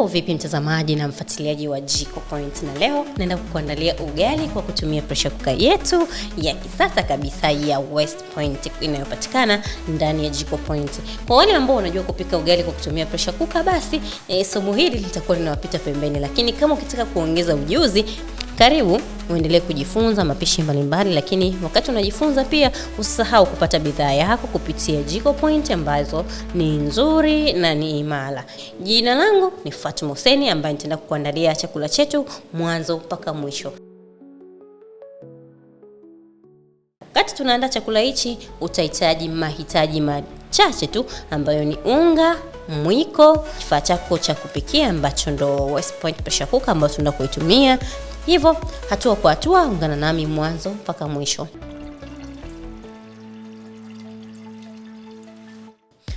Mambo vipi mtazamaji na mfuatiliaji wa Jiko Point, na leo naenda kukuandalia ugali kwa kutumia pressure cooker yetu ya kisasa kabisa ya West Point inayopatikana ndani ya Jiko Point. Kwa wale ambao wanajua kupika ugali kwa kutumia pressure cooker, basi e, somo hili litakuwa linawapita pembeni, lakini kama ukitaka kuongeza ujuzi karibu uendelee kujifunza mapishi mbalimbali, lakini wakati unajifunza pia usisahau kupata bidhaa yako kupitia Jiko Point ambazo ni nzuri na ni imara. Jina langu ni Fatuma Huseni ambaye nitaenda kukuandalia chakula chetu mwanzo mpaka mwisho. Wakati tunaandaa chakula hichi utahitaji mahitaji machache tu ambayo ni unga mwiko, kifaa chako cha kupikia ambacho ndo West Point pressure cooker ambayo tunaenda kuitumia, Hivyo hatua kwa hatua, ungana nami mwanzo mpaka mwisho.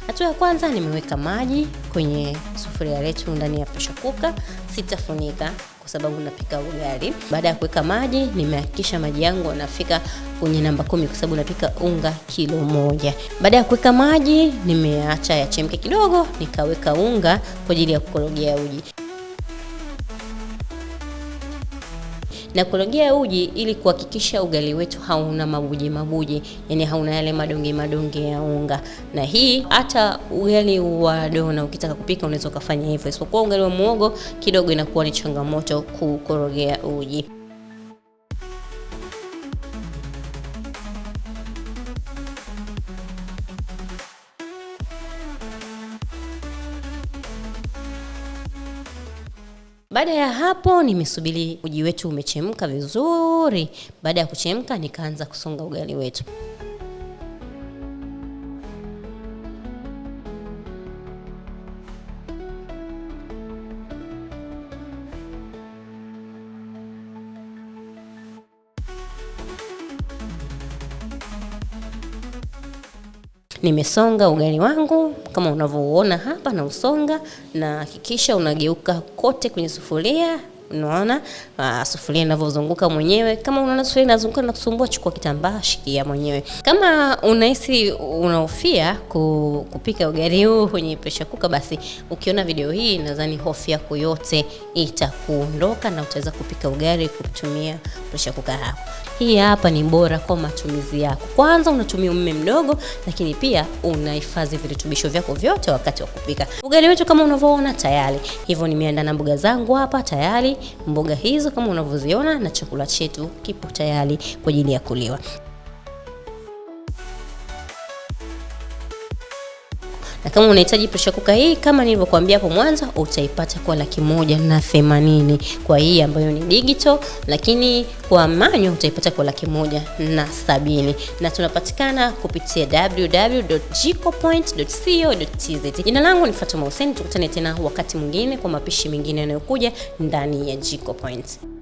Hatua ya kwanza, nimeweka maji kwenye sufuria letu ndani ya pressure cooker, sitafunika kwa sababu napika ugali. Baada ya kuweka maji, nimehakikisha maji yangu yanafika kwenye namba kumi kwa sababu napika unga kilo moja. Baada ya kuweka maji, nimeacha yachemke kidogo, nikaweka unga kwa ajili ya kukorogea uji. na kurogea uji ili kuhakikisha ugali wetu hauna mabuji mabuji, yani hauna yale madonge madonge ya unga. Na hii hata ugali wa dona ukitaka kupika unaweza ukafanya hivyo, isipokuwa ugali wa muogo kidogo inakuwa ni changamoto kukorogea uji. Baada ya hapo nimesubiri uji wetu umechemka vizuri. Baada ya kuchemka, nikaanza kusonga ugali wetu. Nimesonga ugali wangu kama unavyouona hapa, na usonga na hakikisha unageuka kote kwenye sufuria. Unaona uh, sufuria inavyozunguka mwenyewe. Kama unaona sufuria inazunguka na kusumbua, chukua kitambaa, shikia mwenyewe. Kama unahisi unahofia ku, kupika ugali huu kwenye presha kuka basi ukiona video hii, nadhani hofu yako yote itakuondoka na utaweza kupika ugali kutumia presha kuka hapo hii hapa ni bora kwa matumizi yako. Kwanza unatumia umeme mdogo, lakini pia unahifadhi virutubisho vyako vyote wakati wa kupika. Ugali wetu kama unavyoona tayari, hivyo nimeandaa na mboga zangu hapa tayari. Mboga hizo kama unavyoziona na chakula chetu kipo tayari kwa ajili ya kuliwa. na kama unahitaji presha kuka hii kama nilivyokuambia hapo mwanzo utaipata kwa laki moja na themanini kwa hii ambayo ni digital, lakini kwa manyo utaipata kwa laki moja na sabini na tunapatikana kupitia www.jikopoint.co.tz. Jina langu ni Fatuma Hussein, tukutane tena wakati mwingine kwa mapishi mengine yanayokuja ndani ya Jiko Point.